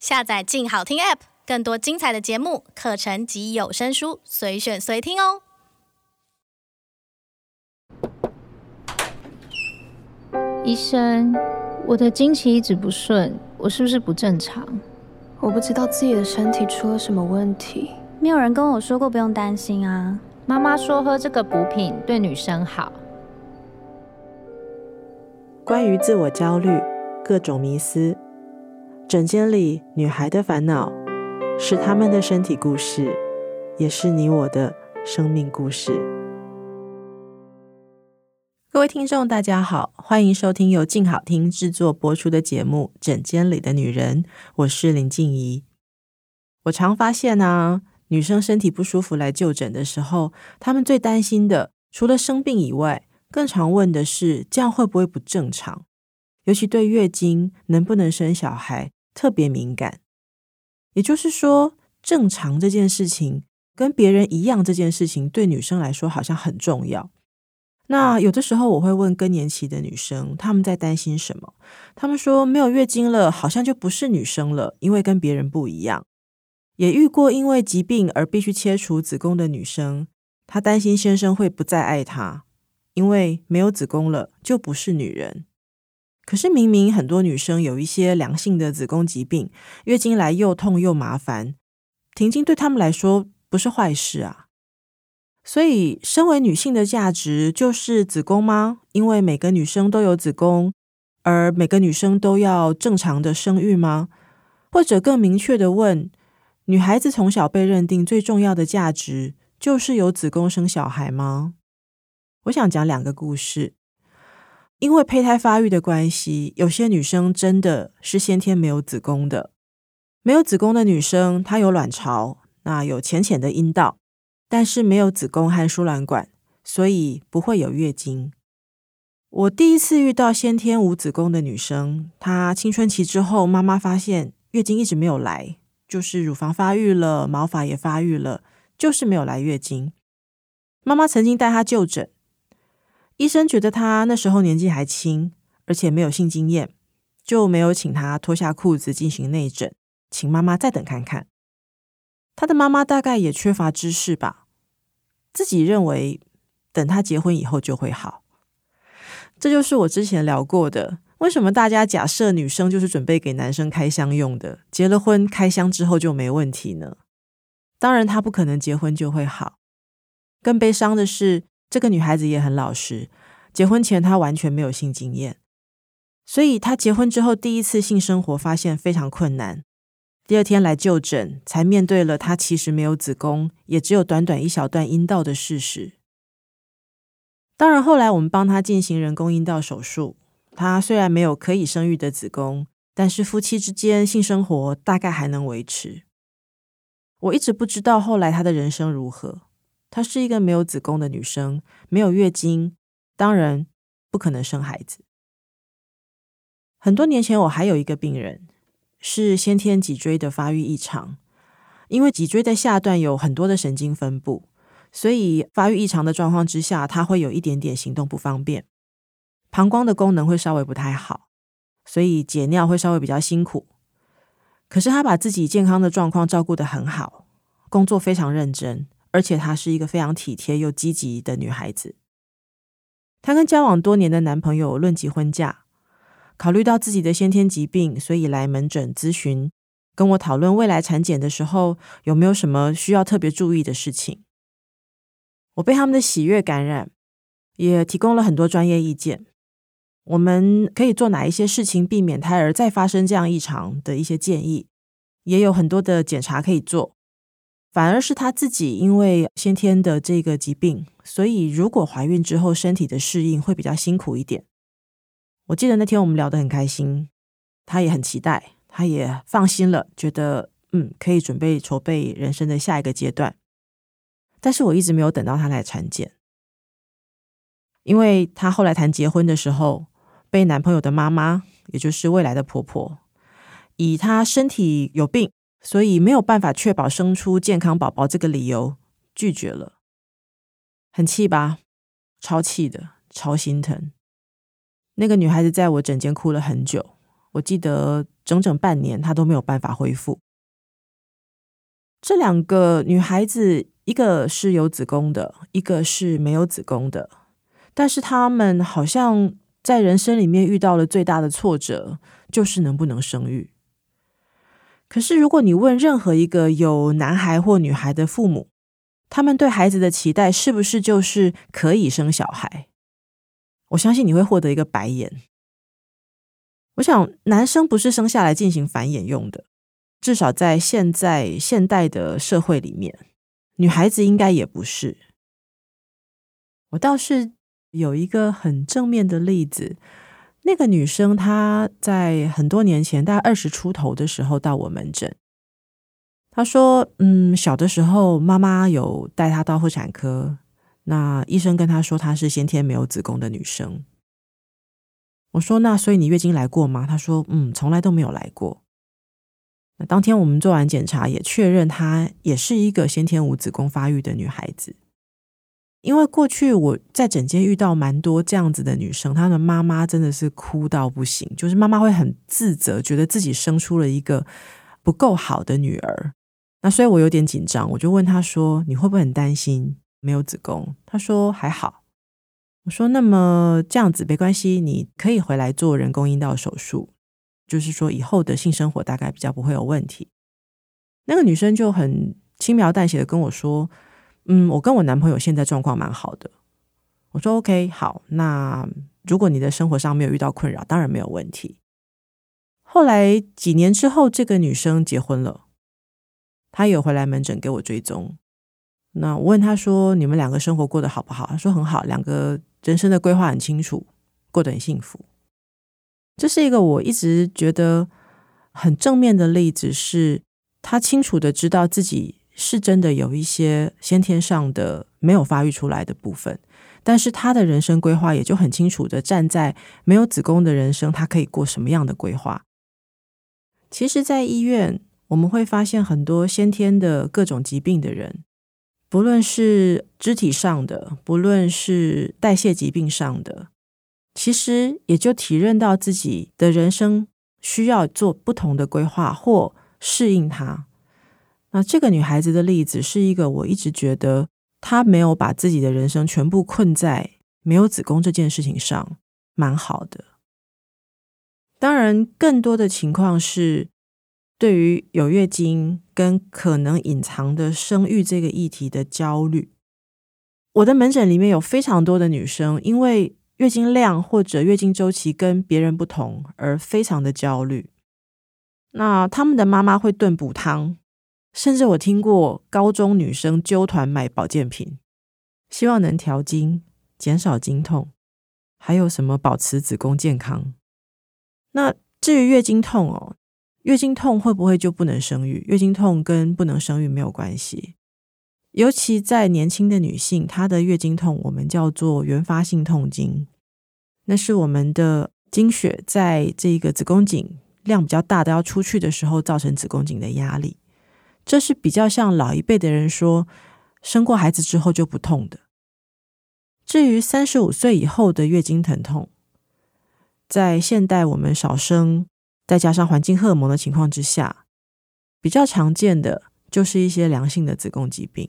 下載“鏡好聽 ”App，更多精彩的節目、課程及有聲書，隨選隨聽哦。醫生，我的經期一直不順，我是不是不正常？我不知道自己的身體出了什麼問題。沒有人跟我說過不用擔心啊。媽媽說喝這個補品對女生好。關於自我焦慮，各種迷思。診間裡女孩的煩惱，是他們的身體故事，也是你我的生命故事。各位聽眾，大家好，歡迎收聽由靜好聽制作播出的節目《診間裡的女人》，我是林靜儀。我常發現啊，女生身體不舒服來就診的時候，她們最擔心的除了生病以外，更常問的是這樣會不會不正常？尤其對月經能不能生小孩，特別敏感，也就是說，正常這件事情跟別人一樣這件事情，對女生來說好像很重要。那有的時候，我會問更年期的女生，她們在擔心什麼？她們說，沒有月經了，好像就不是女生了，因為跟別人不一樣。也遇過因為疾病而必須切除子宮的女生，她擔心先生會不再愛她，因為沒有子宮了，就不是女人。可是明明很多女生有一些良性的子宮疾病，月經來又痛又麻煩，停經對她們來說不是壞事啊。所以，身為女性的價值就是子宮嗎？因為每個女生都有子宮，而每個女生都要正常的生育嗎？或者更明確的問，女孩子從小被認定最重要的價值就是有子宮生小孩嗎？我想講兩個故事。因為胚胎發育的關係，有些女生真的是先天沒有子宮的。沒有子宮的女生，她有卵巢，那有淺淺的陰道，但是沒有子宮和輸卵管，所以不會有月經。我第一次遇到先天無子宮的女生，她青春期之後，媽媽發現月經一直沒有來，就是乳房發育了，毛髮也發育了，就是沒有來月經。媽媽曾經帶她就診。醫生覺得她那時候年紀還輕，而且沒有性經驗，就沒有請她脫下褲子進行內診，請媽媽再等看看。她的媽媽大概也缺乏知識吧，自己認為等她結婚以後就會好。這就是我之前聊過的，為什麼大家假設女生就是準備給男生開箱用的，結了婚開箱之後就沒問題呢？當然，她不可能結婚就會好。更悲傷的是，這個女孩子也很老實，結婚前她完全沒有性經驗，所以她結婚之後第一次性生活發現非常困難。第二天來就診，才面對了她其實沒有子宮，也只有短短一小段陰道的事實。當然，後來我們幫她進行人工陰道手術，她雖然沒有可以生育的子宮，但是夫妻之間性生活大概還能維持。我一直不知道後來她的人生如何。她是一個沒有子宮的女生，沒有月經，當然不可能生孩子。很多年前，我還有一個病人是先天脊椎的發育異常，因為脊椎的下段有很多的神經分布，所以發育異常的狀況之下，她會有一點點行動不方便，膀胱的功能會稍微不太好，所以解尿會稍微比較辛苦。可是她把自己健康的狀況照顧得很好，工作非常認真。而且她是一個非常體貼又積極的女孩子。她跟交往多年的男朋友論及婚嫁，考慮到自己的先天疾病，所以來門診諮詢，跟我討論未來產檢的時候有沒有什麼需要特別注意的事情。我被他們的喜悅感染，也提供了很多專業意見。我們可以做哪一些事情避免胎兒再發生這樣異常的一些建議，也有很多的檢查可以做。反而是她自己，因為先天的這個疾病，所以如果懷孕之後身體的適應會比較辛苦一點。我記得那天我們聊得很開心，她也很期待，她也放心了，覺得嗯，可以準備籌備人生的下一個階段。但是我一直沒有等到她來產檢，因為她後來談結婚的時候，被男朋友的媽媽，也就是未來的婆婆，以她身體有病。所以沒有辦法確保生出健康寶寶，這個理由拒絕了，很氣吧？超氣的，超心疼。那個女孩子在我診間哭了很久，我記得整整半年她都沒有辦法恢復。這兩個女孩子，一個是有子宮的，一個是沒有子宮的，但是她們好像在人生裡面遇到了最大的挫折，就是能不能生育。可是，如果你問任何一個有男孩或女孩的父母，他們對孩子的期待是不是就是可以生小孩？我相信你會獲得一個白眼。我想，男生不是生下來進行繁衍用的，至少在現在現代的社會裡面，女孩子應該也不是。我倒是有一個很正面的例子。那個女生她在很多年前，大概二十出頭的時候到我門診。她說：“嗯，小的時候媽媽有帶她到婦產科，那醫生跟她說她是先天沒有子宮的女生。”我說：“那所以你月經來過嗎？”她說：“嗯，從來都沒有來過。”那當天我們做完檢查，也確認她也是一個先天無子宮發育的女孩子。因為過去我在診間遇到蠻多這樣子的女生，她的媽媽真的是哭到不行，就是媽媽會很自責，覺得自己生出了一個不夠好的女兒。那所以我有點緊張，我就問她說：“你會不會很擔心沒有子宮？”她說：“還好。”我說：“那麼這樣子沒關係，你可以回來做人工陰道手術，就是說以後的性生活大概比較不會有問題。”那個女生就很輕描淡寫的跟我說。嗯，我跟我男朋友現在狀況蠻好的。我說 OK，好，那如果你的生活上沒有遇到困擾，當然沒有問題。後來幾年之後，這個女生結婚了，她有回來門診給我追蹤。那我問她說：“你們兩個生活過得好不好？”她說：“很好，兩個人生的規劃很清楚，過得很幸福。”這是一個我一直覺得很正面的例子是，是她清楚的知道自己。是真的有一些先天上的沒有發育出來的部分，但是他的人生規劃也就很清楚的站在沒有子宮的人生，他可以過什麼樣的規劃？其實，在醫院我們會發現很多先天的各種疾病的人，不論是肢體上的，不論是代謝疾病上的，其實也就體認到自己的人生需要做不同的規劃或適應它。那這個女孩子的例子是一個，我一直覺得她沒有把自己的人生全部困在沒有子宮這件事情上，蠻好的。當然，更多的情況是對於有月經跟可能隱藏的生育這個議題的焦慮。我的門診裡面有非常多的女生，因為月經量或者月經周期跟別人不同而非常的焦慮。那她們的媽媽會燉補湯。甚至我聽過高中女生揪團買保健品，希望能調經、減少經痛，還有什麼保持子宮健康。那至於月經痛哦，月經痛會不會就不能生育？月經痛跟不能生育沒有關係。尤其在年輕的女性，她的月經痛我們叫做原發性痛經，那是我們的經血在這個子宮頸量比較大的要出去的時候，造成子宮頸的壓力。這是比較像老一輩的人說，生過孩子之後就不痛的。至於三十五歲以後的月經疼痛，在現代我們少生，再加上環境荷爾蒙的情況之下，比較常見的就是一些良性的子宮疾病。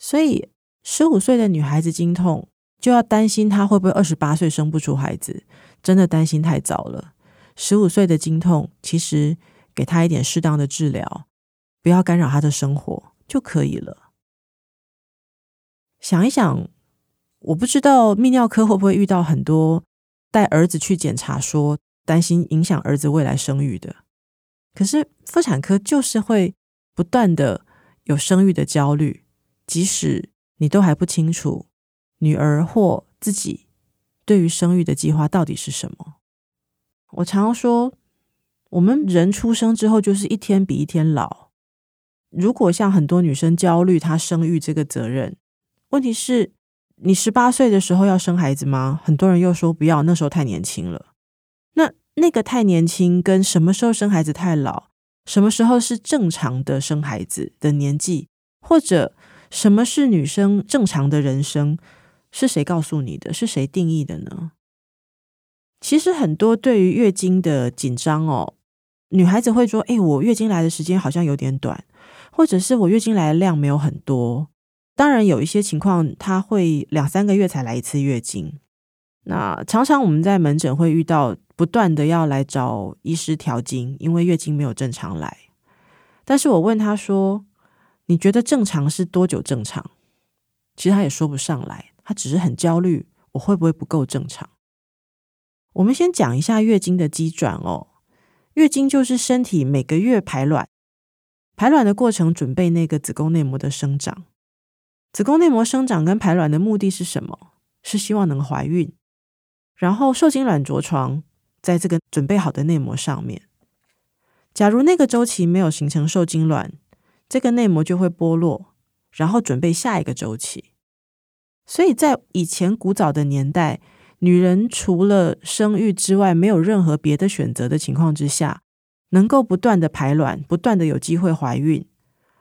所以十五歲的女孩子經痛，就要擔心她會不會二十八歲生不出孩子，真的擔心太早了。十五歲的經痛，其實。給他一點適當的治療，不要干擾他的生活就可以了。想一想，我不知道泌尿科會不會遇到很多帶兒子去檢查說，說擔心影響兒子未來生育的。可是婦產科就是會不斷的有生育的焦慮，即使你都還不清楚女兒或自己對於生育的計劃到底是什麼。我常常說。我們人出生之後就是一天比一天老。如果像很多女生焦慮她生育這個責任，問題是，你十八歲的時候要生孩子嗎？很多人又說不要，那時候太年輕了。那那個太年輕跟什麼時候生孩子太老，什麼時候是正常的生孩子的年紀，或者什麼是女生正常的人生，是誰告訴你的，是誰定義的呢？其實很多對於月經的緊張哦。女孩子會說：“誒、欸、我月經來的時間好像有點短，或者是我月經來的量沒有很多。當然，有一些情況，她會兩三個月才來一次月經。那常常我們在門診會遇到不斷的要來找醫師調經，因為月經沒有正常來。但是我問她說：你覺得正常是多久正常？其實她也說不上來，她只是很焦慮，我會不會不夠正常？我們先講一下月經的機轉哦。”月經就是身體每個月排卵，排卵的過程準備那個子宮內膜的生長。子宮內膜生長跟排卵的目的是什麼？是希望能懷孕，然後受精卵着床在這個準備好的內膜上面。假如那個周期沒有形成受精卵，這個內膜就會剝落，然後準備下一個周期。所以在以前古早的年代，女人除了生育之外，沒有任何別的選擇的情況之下，能夠不斷的排卵，不斷的有機會懷孕，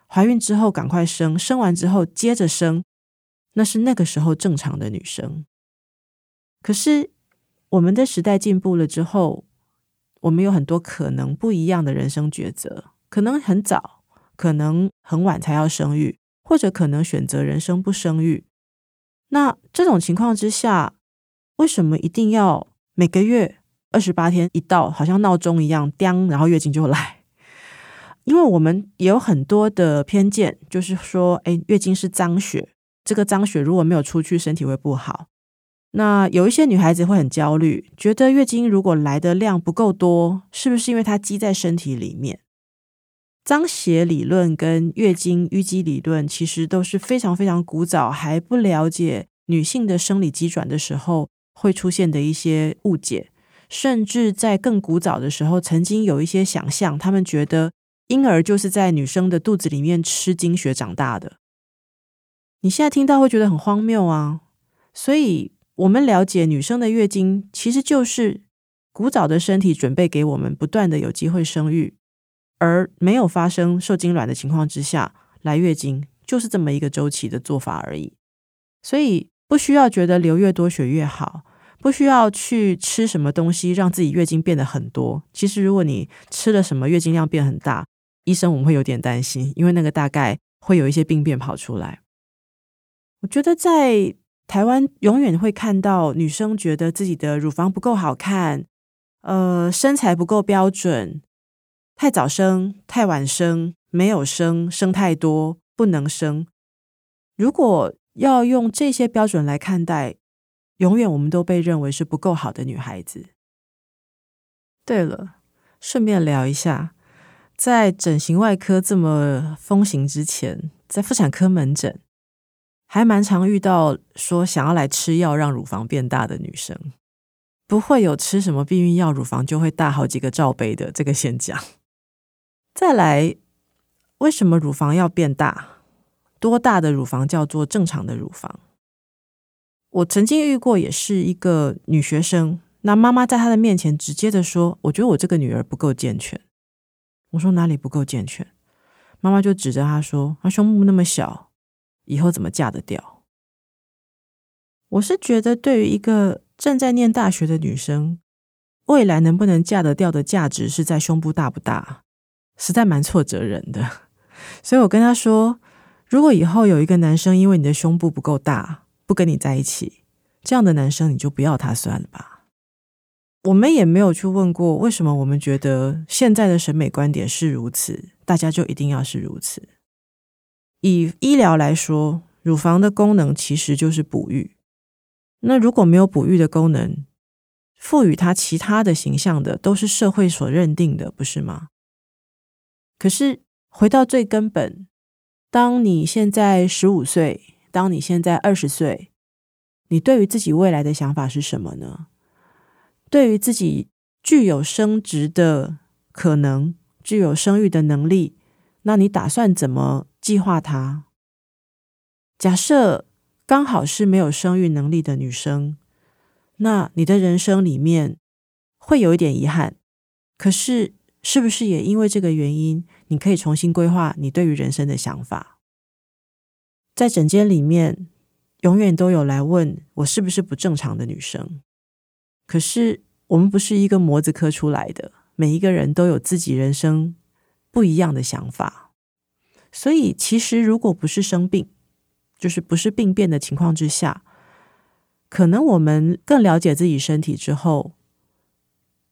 懷孕之後趕快生，生完之後接着生，那是那個時候正常的女生。可是我們的時代進步了之後，我們有很多可能不一樣的人生抉擇，可能很早，可能很晚才要生育，或者可能選擇人生不生育。那這種情況之下，為什麼一定要每個月二十八天一到，好像鬧鐘一樣，叮，然後月經就來？因為我們也有很多的偏見，就是說，誒，月經是髒血，這個髒血如果沒有出去，身體會不好。那有一些女孩子會很焦慮，覺得月經如果來的量不夠多，是不是因為它積在身體裡面？髒血理論跟月經淤積理論，其實都是非常非常古早，還不了解女性的生理機轉的時候。會出現的一些誤解，甚至在更古早的時候，曾經有一些想象，他們覺得嬰兒就是在女生的肚子裡面吃經血長大的。你現在聽到會覺得很荒謬啊！所以，我們了解女生的月經其實就是古早的身體準備給我們不斷的有機會生育，而沒有發生受精卵的情況之下來月經，就是這麼一個週期的做法而已。所以，不需要覺得流越多血越好。不需要去吃什麼東西讓自己月經變得很多。其實，如果你吃了什麼月經量變很大，醫生我們會有點擔心，因為那個大概會有一些病變跑出來。我覺得在台灣永遠會看到女生覺得自己的乳房不夠好看，呃，身材不夠標準，太早生、太晚生、沒有生、生太多、不能生。如果要用這些標準來看待。永遠，我們都被認為是不夠好的女孩子。對了，順便聊一下，在整形外科這麼風行之前，在婦產科門診還蠻常遇到說想要來吃藥讓乳房變大的女生。不會有吃什麼避孕藥乳房就會大好幾個罩杯的，這個先講。再來，為什麼乳房要變大？多大的乳房叫做正常的乳房？我曾經遇過也是一個女學生，那媽媽在她的面前直接的說：“我覺得我這個女兒不夠健全。”我說：“哪裡不夠健全？”媽媽就指着她說：“她胸部那麼小，以後怎麼嫁得掉？”我是覺得，對於一個正在念大學的女生，未來能不能嫁得掉的價值是在胸部大不大，實在蠻挫折人的。所以我跟她說：“如果以後有一個男生因為你的胸部不夠大，”不跟你在一起，這樣的男生你就不要他算了吧。我們也沒有去問過為什麼，我們覺得現在的審美觀點是如此，大家就一定要是如此。以醫療來說，乳房的功能其實就是哺育。那如果沒有哺育的功能，賦予它其他的形象的，都是社會所認定的，不是嗎？可是回到最根本，當你現在十五歲。當你現在二十歲，你對於自己未來的想法是什麼呢？對於自己具有生殖的可能，具有生育的能力，那你打算怎麼計劃它？假設剛好是沒有生育能力的女生，那你的人生裡面會有一點遺憾。可是，是不是也因為這個原因，你可以重新規劃你對於人生的想法？在診間裡面，永遠都有來問我是不是不正常的女生。可是我們不是一個模子刻出來的，每一個人都有自己人生不一樣的想法。所以，其實如果不是生病，就是不是病變的情況之下，可能我們更了解自己身體之後，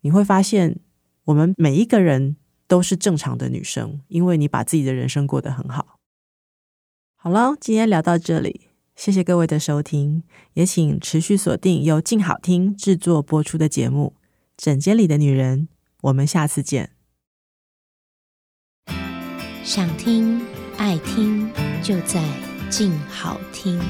你會發現，我們每一個人都是正常的女生，因為你把自己的人生過得很好。好嘍，今天聊到這裡，謝謝各位的收聽，也請持續鎖定由靜好聽製作播出的節目《診間裡的女人》，我們下次見。想聽、愛聽，就在靜好聽。